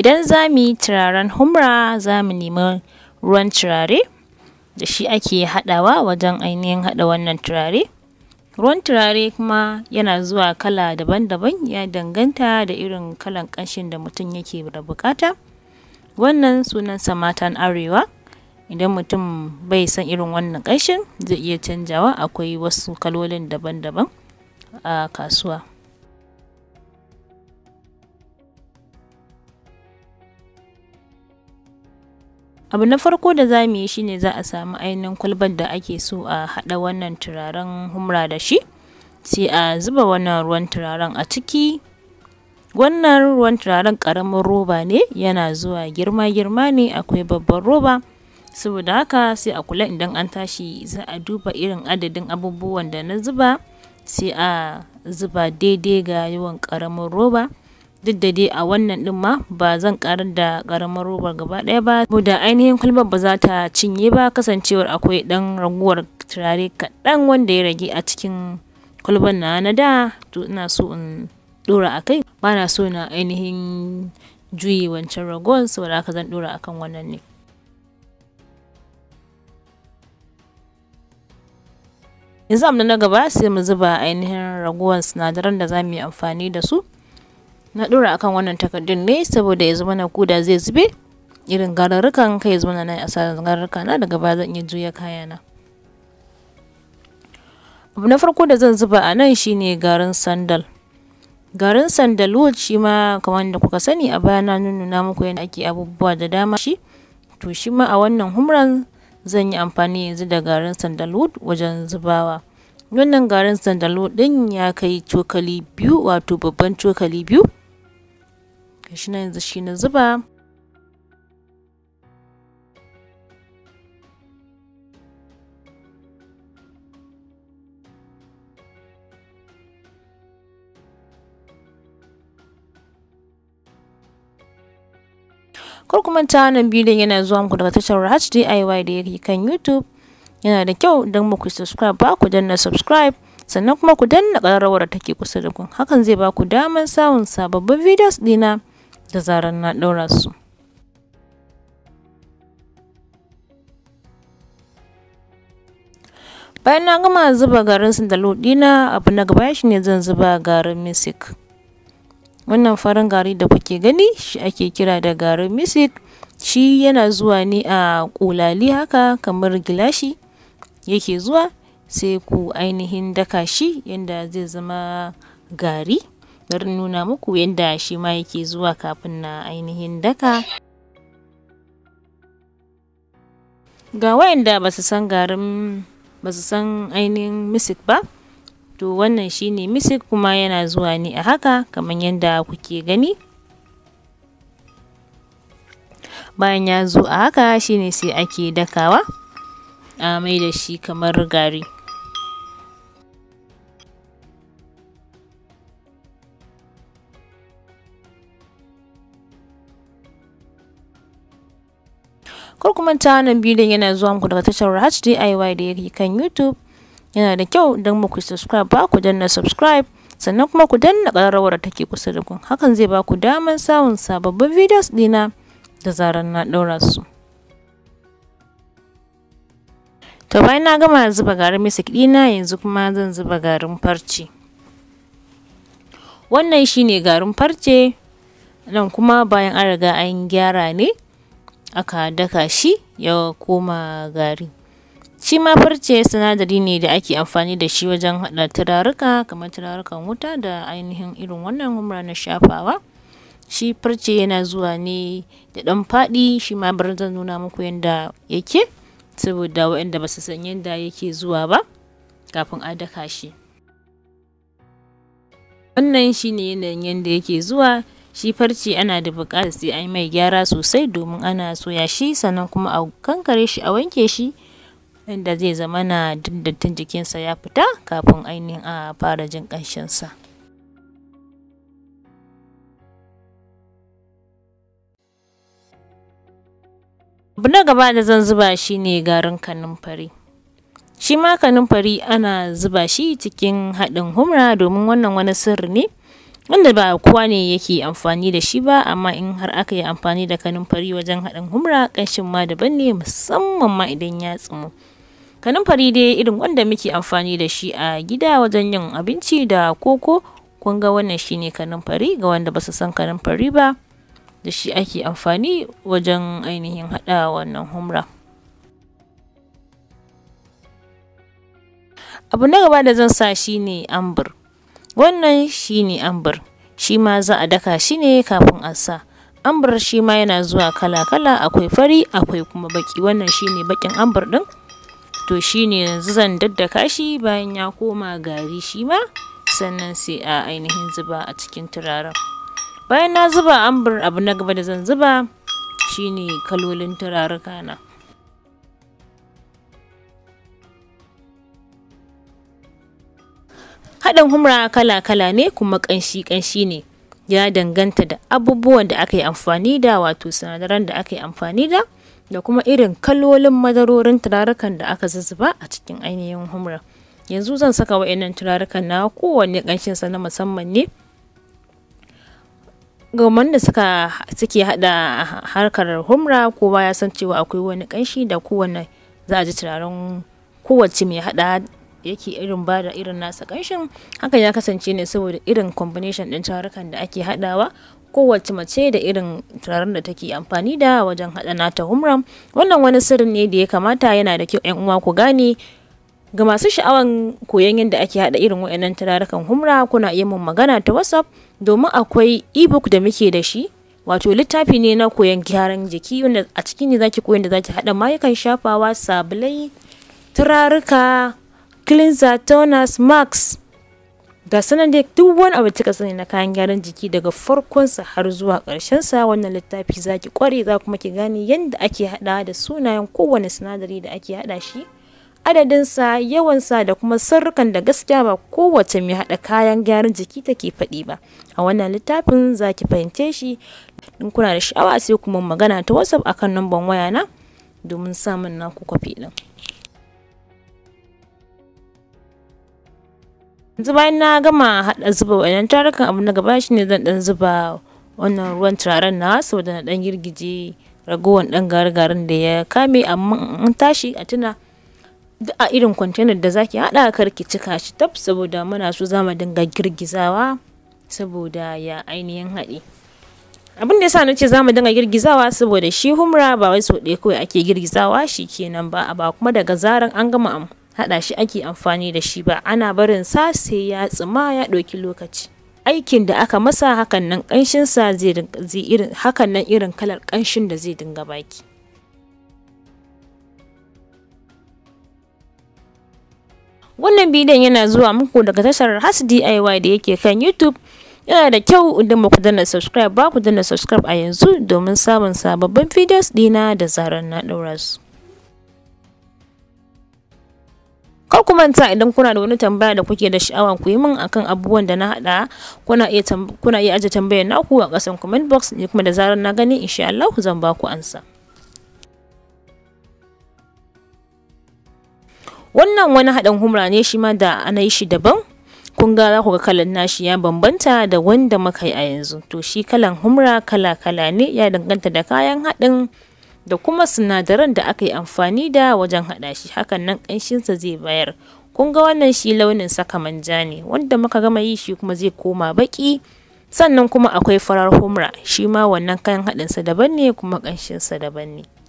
Idan za mu yi turaren humra za mu nemi ruwan turare da shi ake haɗawa wajen ainihin haɗa wannan turare. Ruwan turare kuma yana zuwa kala daban-daban ya danganta da irin kalan ƙanshin da mutum yake da buƙata. Wannan sunansa matan arewa. Idan mutum bai san irin wannan ƙanshin zai iya canjawa akwai wasu kalolin daban-daban a kasuwa. Abu na farko da za mu yi shi ne za a samu ainihin kwalbar da ake so a haɗa wannan turaren humra da shi, sai a zuba wannan ruwan turaren a ciki. Wannan ruwan turaren ƙaramin roba ne, yana zuwa girma-girma ne, akwai babban roba. Saboda haka sai a kula idan an tashi za a duba irin adadin abubuwan da na zuba, sai a zuba daidai ga yawan ƙaramin roba. duk da dai a wannan ɗin ma ba zan karar da karamar robar gaba ɗaya ba da ainihin kwalbar ba za ta cinye ba kasancewar akwai ɗan raguwar turare kaɗan wanda ya rage a cikin kwalbar na na da to ina so in ɗora a kai ba na so na ainihin juyi wancan ragon saboda haka zan ɗora akan wannan ne yanzu amma na gaba sai mu zuba ainihin raguwar sinadaran da za mu yi amfani da su na ɗora akan wannan takardun ne saboda ya zama na koda zai zube irin gararrukan kai zama na yi asarar gararruka na daga baya zan iya juya kayana abu na farko da zan zuba a nan shine garin sandal garin wood shi ma kamar da kuka sani a baya na nuna muku yadda ake abubuwa da dama shi to shi ma a wannan humran zan yi amfani yanzu da garin wood wajen zubawa wannan garin wood din ya kai cokali biyu wato babban cokali biyu gashi na yanzu shi na zuba kar ta manta wannan bidiyon yana zuwa muku daga tashar HDIY da yake kan YouTube. Yana da kyau don muku subscribe ba ku danna subscribe sannan kuma ku danna ƙararrawar da take kusa da ku. Hakan zai ba ku damar samun sababbin videos dina da zarar na ɗora su bayan na gama zuba garin sandalo ɗina abu na gaba shi ne zan zuba garin misik wannan farin gari da kuke gani shi ake kira da garin misik shi yana zuwa ne a ƙulali haka kamar gilashi yake zuwa sai ku ainihin daka shi yadda zai zama gari bari nuna muku yadda shi ma yake zuwa kafin na ainihin daka ga wayanda ba su san garin ba san ainihin misik ba to wannan shine misik kuma yana zuwa ne a haka kamar yadda kuke gani bayan ya zo a haka shine sai ake dakawa a mai da shi kamar gari kar ku manta wannan bidiyon yana zuwa muku daga tashar HDIY da yake kan YouTube yana da kyau don muku subscribe ba ku danna subscribe sannan kuma ku danna ƙararrawar da take kusa da ku hakan zai ba ku damar samun sababbin videos dina da zarar na ɗora su. To bayan na gama zuba garin misik ɗina yanzu kuma zan zuba garin farce. Wannan shine garin farce nan kuma bayan an riga an gyara ne aka daka shi ya koma gari. Shi ma farce sinadari ne da ake amfani da shi wajen haɗa turaruka kamar turarukan wuta da ainihin irin wannan humra na shafawa. Shi farce yana zuwa ne da ɗan faɗi shi ma bari zan nuna muku yadda yake saboda waɗanda ba su san yadda yake zuwa ba kafin a daka shi. Wannan shi ne yanayin yadda yake zuwa. Shi farce ana da buƙatar sai an mai gyara sosai domin ana soya shi sannan kuma a kankare shi a wanke shi Inda zai zama na dattin jikinsa ya fita kafin ainihin a fara jin ƙanshinsa. Abu na gaba da zan zuba shi ne garin kanumfari. Shi ma kanumfari ana zuba shi cikin haɗin humra domin wannan wani sirri ne wanda ba kowa ne yake amfani da shi ba amma in har aka yi amfani da fari wajen haɗin humra ƙanshin ma daban ne musamman ma idan ya tsumu. fari dai irin wanda muke amfani da shi a gida wajen yin abinci da koko kun ga wannan shine fari ga wanda ba su san fari ba da shi ake amfani wajen ainihin haɗa wannan humra. abu na gaba da zan sa shi ne ambur Wannan shi ne Ambar, shi ma za a daka shi ne kafin a sa. Ambar shi ma yana zuwa kala-kala akwai fari akwai kuma baki wannan shi ne bakin ambar ɗin. To shi ne yanzu zan daddaka shi bayan ya koma gari shi ma sannan sai a ainihin zuba a cikin turaren. Bayan na zuba ambar abu na gaba da zan zuba shi ne kalolin turaruka na. Haɗin humra kala-kala ne kuma ƙanshi kanshi ne. Ya danganta da abubuwan da aka yi amfani da wato sinadaran da aka yi amfani da da kuma irin kalolin madarorin turarukan da aka zuzzuba a cikin ainihin humra. Yanzu zan saka waɗannan turarukan na kowanne ƙanshinsa na musamman ne. ga wanda suka suke hada harkar humra kowa ya san cewa akwai wani kanshi da kowane za a ji turaren kowace mai hada yake irin ba da irin nasa karshen hakan ya kasance ne saboda irin combination ɗin tarukan da ake haɗawa kowace mace da irin turaren da take amfani da wajen haɗa nata humram wannan wani sirrin ne da ya kamata yana da kyau 'yan uwa ku gane ga masu sha'awan koyon yadda ake haɗa irin waɗannan turarukan humra kuna iya mun magana ta whatsapp domin akwai ebook da muke da shi wato littafi ne na koyon gyaran jiki wanda a cikin ne zaki koyon da zaki haɗa mayukan shafawa sabulai turaruka cleanser toners max ga sanan dai duk wani abu cika sani na kayan gyaran jiki daga farkonsa har zuwa karshen sa wannan littafi za ki kware za kuma ki gane yadda ake haɗa da sunayen kowane sinadari da ake haɗa shi adadinsa yawansa da kuma sarrukan da gaskiya ba kowace mai haɗa kayan gyaran jiki take faɗi ba a wannan littafin za ki fahimce shi in kuna da sha'awa sai kuma magana ta whatsapp akan numban waya na domin samun naku kwafi ɗin. yanzu bayan na gama haɗa zuba wa'annan tarukan abu na gaba shine zan ɗan zuba wannan ruwan turaren na saboda na ɗan girgije ragowar ɗan garin da ya kame amma in tashi a tuna duk a irin kwantenar da zaki haɗa kar ki cika shi tab saboda muna so za mu dinga girgizawa saboda ya ainihin haɗe abin da yasa nace zamu dinga girgizawa saboda shi humra ba wai sau ɗaya kawai ake girgizawa shi kenan ba a ba kuma daga zaran an gama haɗa shi ake amfani da shi ba ana barin sa sai ya tsima ya ɗauki lokaci aikin da aka masa hakan nan ƙanshin sa zai irin hakan nan irin kalar ƙanshin da zai dinga baki wannan bidiyon yana zuwa muku daga tashar has DIY da yake kan YouTube yana da kyau idan ba ku danna subscribe ba ku danna subscribe a yanzu domin samun sababbin videos dina da zarar na daura su kar ku manta idan kuna da wani tambaya da kuke da sha'awa ku yi min akan abubuwan da na hada kuna iya kuna iya aje tambayar naku a kasan comment box ne kuma da zarar na gani insha Allah zan ba ku ansa wannan wani haɗin humra ne shi ma da ana yi shi daban kun ga za ku ga kalan nashi ya bambanta da wanda muka yi a yanzu to shi kalan humra kala kala ne ya danganta da kayan haɗin da kuma sinadaran da aka yi amfani da wajen haɗa shi hakan nan ƙanshinsa zai bayar. Kun ga wannan shi launin saka manja ne wanda muka gama yi shi kuma zai koma baƙi. Sannan kuma akwai farar humra shi ma wannan kayan haɗinsa daban ne kuma ƙanshinsa daban ne.